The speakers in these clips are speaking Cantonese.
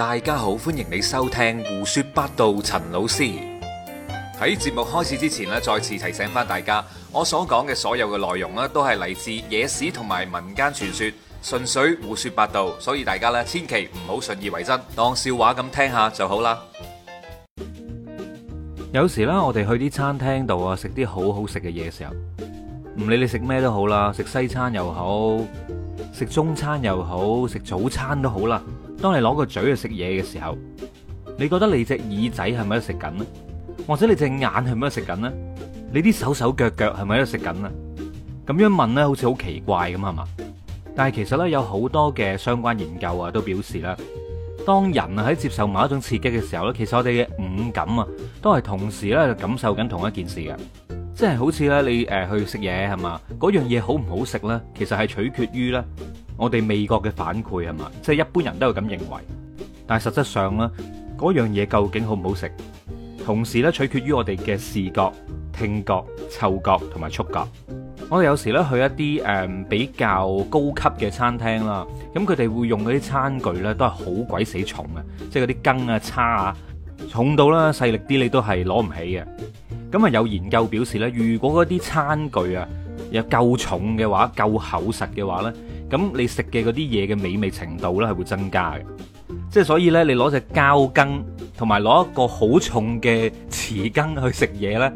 大家好，歡迎你收聽胡說八道。陳老師喺節目開始之前呢，再次提醒翻大家，我所講嘅所有嘅內容呢，都係嚟自野史同埋民間傳說，純粹胡說八道，所以大家呢，千祈唔好信以為真，當笑話咁聽下就好啦。有時呢，我哋去啲餐廳度啊，食啲好好食嘅嘢嘅時候，唔理你食咩都好啦，食西餐又好，食中餐又好，食早餐都好啦。當你攞個嘴去食嘢嘅時候，你覺得你隻耳仔係咪喺度食緊呢？或者你隻眼係咪喺度食緊呢？你啲手手腳腳係咪喺度食緊咧？咁樣問呢，好似好奇怪咁係嘛？但係其實呢，有好多嘅相關研究啊，都表示啦，當人喺接受某一種刺激嘅時候呢，其實我哋嘅五感啊，都係同時呢，就感受緊同一件事嘅，即係好似呢，你誒去食嘢係嘛？嗰樣嘢好唔好食呢？其實係取決於呢。我哋味覺嘅反饋係嘛，即係、就是、一般人都係咁認為，但係實質上咧，嗰樣嘢究竟好唔好食？同時咧，取決於我哋嘅視覺、聽覺、嗅覺同埋觸覺。我哋有時咧去一啲誒、嗯、比較高級嘅餐廳啦，咁佢哋會用嗰啲餐具咧都係好鬼死重嘅，即係嗰啲羹啊叉啊，重到咧細力啲你都係攞唔起嘅。咁啊有研究表示咧，如果嗰啲餐具啊又夠重嘅話，夠厚實嘅話咧。咁你食嘅嗰啲嘢嘅美味程度呢，係會增加嘅。即係所以呢，你攞隻膠羹，同埋攞一個好重嘅匙羹去食嘢呢，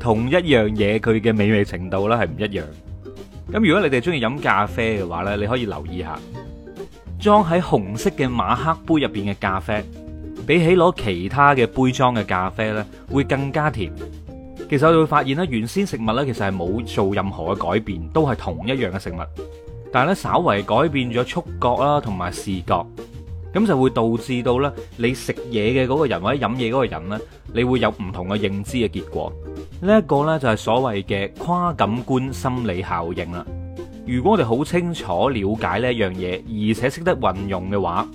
同一樣嘢佢嘅美味程度呢，係唔一樣。咁如果你哋中意飲咖啡嘅話呢，你可以留意下，裝喺紅色嘅馬克杯入邊嘅咖啡，比起攞其他嘅杯裝嘅咖啡呢，會更加甜。其實我哋會發現呢，原先食物呢，其實係冇做任何嘅改變，都係同一樣嘅食物。但係咧，稍為改變咗觸覺啦，同埋視覺，咁就會導致到呢你食嘢嘅嗰個人或者飲嘢嗰個人呢你會有唔同嘅認知嘅結果。呢一個呢就係所謂嘅跨感官心理效應啦。如果我哋好清楚了解呢樣嘢，而且識得運用嘅話，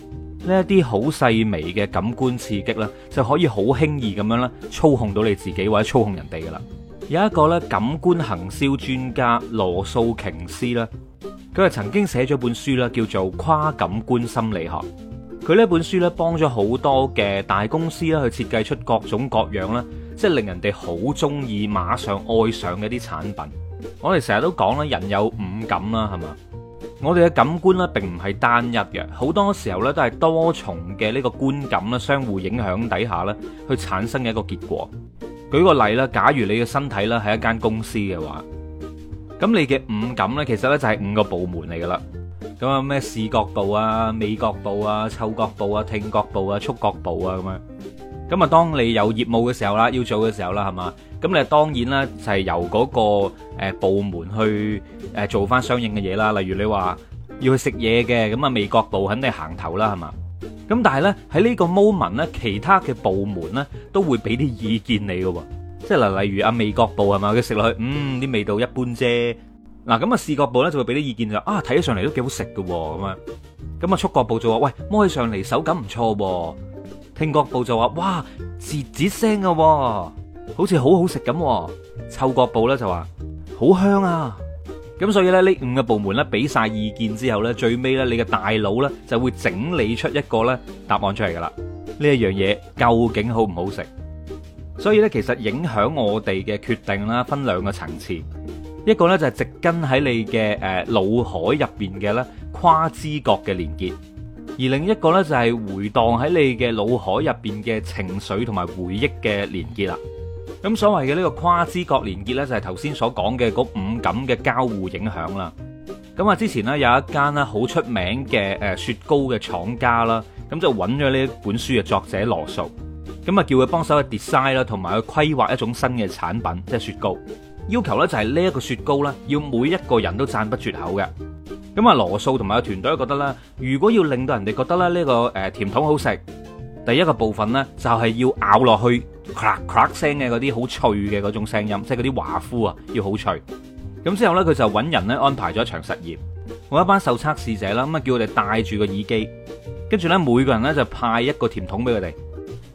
呢一啲好細微嘅感官刺激呢就可以好輕易咁樣啦操控到你自己或者操控人哋噶啦。有一個呢，感官行銷專家羅素瓊斯咧。佢係曾經寫咗本書啦，叫做《跨感官心理學》。佢呢本書咧，幫咗好多嘅大公司啦，去設計出各種各樣咧，即係令人哋好中意、馬上愛上嘅一啲產品。我哋成日都講啦，人有五感啦，係嘛？我哋嘅感官咧，並唔係單一嘅，好多時候咧都係多重嘅呢個觀感啦，相互影響底下咧，去產生嘅一個結果。舉個例啦，假如你嘅身體啦係一間公司嘅話。咁你嘅五感咧，其實咧就係五個部門嚟噶啦。咁啊咩視覺部啊、味覺部啊、嗅覺部啊、聽覺部啊、觸覺部啊咁樣。咁啊，當你有業務嘅時候啦，要做嘅時候啦，係嘛？咁你當然啦，就係由嗰個誒部門去誒做翻相應嘅嘢啦。例如你話要去食嘢嘅，咁啊味覺部肯定行頭啦，係嘛？咁但係咧喺呢個 moment 咧，其他嘅部門咧都會俾啲意見你噶。即係嗱，例如啊味覺部係嘛，佢食落去，嗯，啲味道一般啫。嗱，咁啊，視覺部咧就會俾啲意見就啊，睇起上嚟都幾好食噶咁啊。咁啊，觸覺部就話，喂，摸起上嚟手感唔錯。聽覺部就話，哇，嗞嗞聲嘅，好似好好食咁。嗅覺部咧就話，好香啊。咁、啊啊啊啊啊、所以咧，呢五個部門咧俾晒意見之後咧，最尾咧你嘅大腦咧就會整理出一個咧答案出嚟噶啦。呢一樣嘢究竟好唔好食？所以咧，其實影響我哋嘅決定啦，分兩個層次。一個咧就係植根喺你嘅誒腦海入邊嘅咧跨知覺嘅連結，而另一個咧就係回盪喺你嘅腦海入邊嘅情緒同埋回憶嘅連結啦。咁所謂嘅呢個跨知覺連結咧，就係頭先所講嘅嗰五感嘅交互影響啦。咁啊，之前呢，有一間咧好出名嘅誒雪糕嘅廠家啦，咁就揾咗呢本書嘅作者羅素。咁啊，叫佢幫手去 design 啦，同埋去規劃一種新嘅產品，即係雪糕。要求呢就係呢一個雪糕呢，要每一個人都讚不絕口嘅。咁啊，羅素同埋個團隊覺得咧，如果要令到人哋覺得咧呢個誒甜筒好食，第一個部分呢，就係要咬落去咔咔聲嘅嗰啲好脆嘅嗰種聲音，即係嗰啲華夫啊，要好脆。咁之後呢，佢就揾人呢安排咗一場實驗，揾一班受測試者啦，咁啊叫我哋戴住個耳機，跟住呢，每個人呢，就派一個甜筒俾佢哋。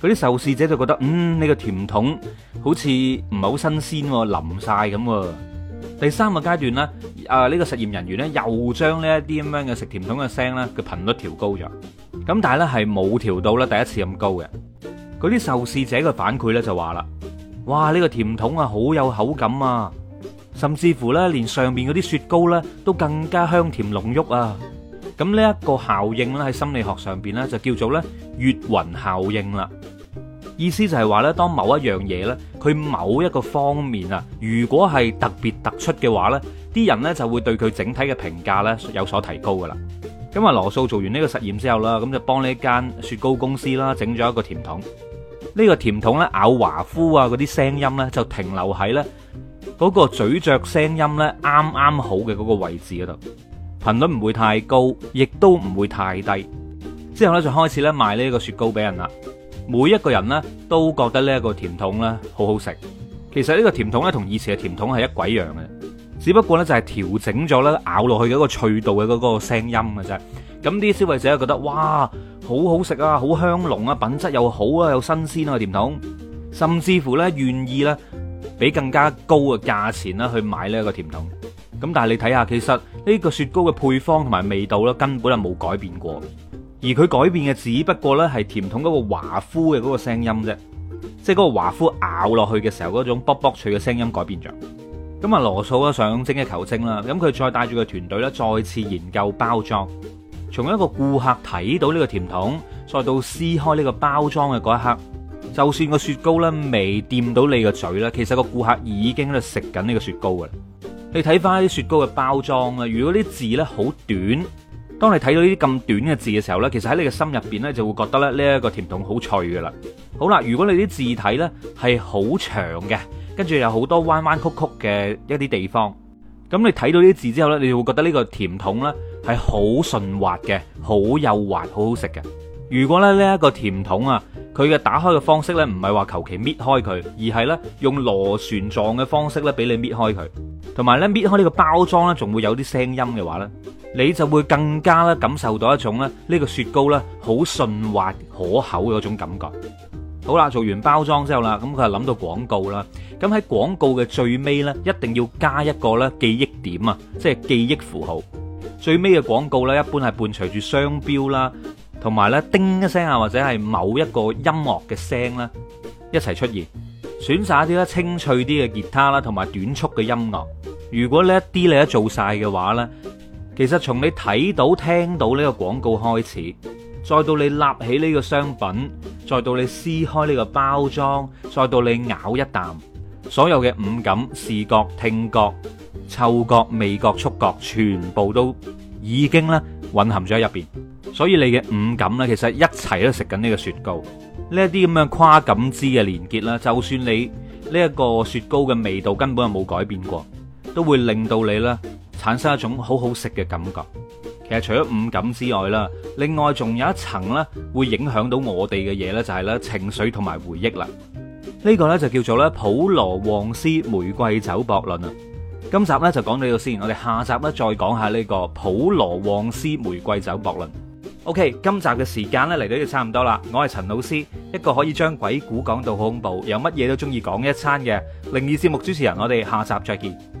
嗰啲受試者就覺得嗯呢、這個甜筒好似唔係好新鮮喎，腍晒咁喎。第三個階段咧，啊呢、這個實驗人員咧又將呢一啲咁樣嘅食甜筒嘅聲咧嘅頻率調高咗，咁但係咧係冇調到咧第一次咁高嘅。嗰啲受試者嘅反饋咧就話啦，哇呢、這個甜筒啊好有口感啊，甚至乎咧連上面嗰啲雪糕咧都更加香甜濃郁啊。咁呢一個效應咧喺心理學上面咧就叫做咧月暈效應啦。意思就係話咧，當某一樣嘢咧，佢某一個方面啊，如果係特別突出嘅話咧，啲人咧就會對佢整體嘅評價咧有所提高噶啦。咁啊，羅素做完呢個實驗之後啦，咁就幫呢一間雪糕公司啦整咗一個甜筒。呢個甜筒咧咬華夫啊嗰啲聲音呢，就停留喺咧嗰個咀嚼聲音咧啱啱好嘅嗰個位置嗰度，頻率唔會太高，亦都唔會太低。之後呢，就開始咧賣呢個雪糕俾人啦。每一個人呢，都覺得呢個甜筒呢好好食。其實呢個甜筒呢，同以前嘅甜筒係一鬼樣嘅，只不過呢，就係調整咗呢咬落去嘅個脆度嘅嗰個聲音嘅啫。咁啲消費者覺得哇，好好食啊，好香濃啊，品質又好啊，又新鮮啊甜筒，甚至乎呢，願意呢俾更加高嘅價錢呢去買呢個甜筒。咁但係你睇下，其實呢個雪糕嘅配方同埋味道呢，根本就冇改變過。而佢改變嘅，只不過呢係甜筒嗰個華夫嘅嗰個聲音啫，即係嗰個華夫咬落去嘅時候嗰種卜卜脆嘅聲音改變咗。咁啊，羅素啊想精益求精啦，咁佢再帶住個團隊呢，再次研究包裝，從一個顧客睇到呢個甜筒，再到撕開呢個包裝嘅嗰一刻，就算個雪糕呢未掂到你個嘴咧，其實個顧客已經喺度食緊呢個雪糕噶啦。你睇翻啲雪糕嘅包裝啦，如果啲字呢好短。當你睇到呢啲咁短嘅字嘅時候呢，其實喺你嘅心入邊呢，就會覺得咧呢一個甜筒好脆噶啦。好啦，如果你啲字體呢係好長嘅，跟住有好多彎彎曲曲嘅一啲地方，咁你睇到呢啲字之後呢，你就會覺得呢個甜筒呢係好順滑嘅，好幼滑，好好食嘅。如果咧呢一個甜筒啊，佢嘅打開嘅方式呢，唔係話求其搣開佢，而係呢用螺旋狀嘅方式呢，俾你搣開佢，同埋呢搣開呢個包裝呢，仲會有啲聲音嘅話呢。你就會更加咧感受到一種咧呢個雪糕咧好順滑可口嗰種感覺。好啦，做完包裝之後啦，咁佢就諗到廣告啦。咁喺廣告嘅最尾咧，一定要加一個咧記憶點啊，即係記憶符號。最尾嘅廣告咧，一般係伴隨住商標啦，同埋咧叮一聲啊，或者係某一個音樂嘅聲啦一齊出現。選擇一啲咧清脆啲嘅吉他啦，同埋短促嘅音樂。如果呢一啲你都做曬嘅話咧。其實從你睇到、聽到呢個廣告開始，再到你攞起呢個商品，再到你撕開呢個包裝，再到你咬一啖，所有嘅五感、視覺、聽覺、嗅覺、味覺、觸覺，全部都已經咧混合咗喺入面。所以你嘅五感咧，其實一齊都食緊呢個雪糕。呢一啲咁樣跨感知嘅連結啦，就算你呢一個雪糕嘅味道根本就冇改變過，都會令到你咧。產生一種好好食嘅感覺，其實除咗五感之外啦，另外仲有一層咧會影響到我哋嘅嘢咧，就係、是、咧情緒同埋回憶啦。呢、這個呢，就叫做咧普羅旺斯玫瑰酒博論啦。今集呢，就講到呢度先，我哋下集呢、這個，再講下呢個普羅旺斯玫瑰酒博論。OK，今集嘅時間咧嚟到要差唔多啦。我係陳老師，一個可以將鬼故講到好恐怖，有乜嘢都中意講一餐嘅靈異節目主持人。我哋下集再見。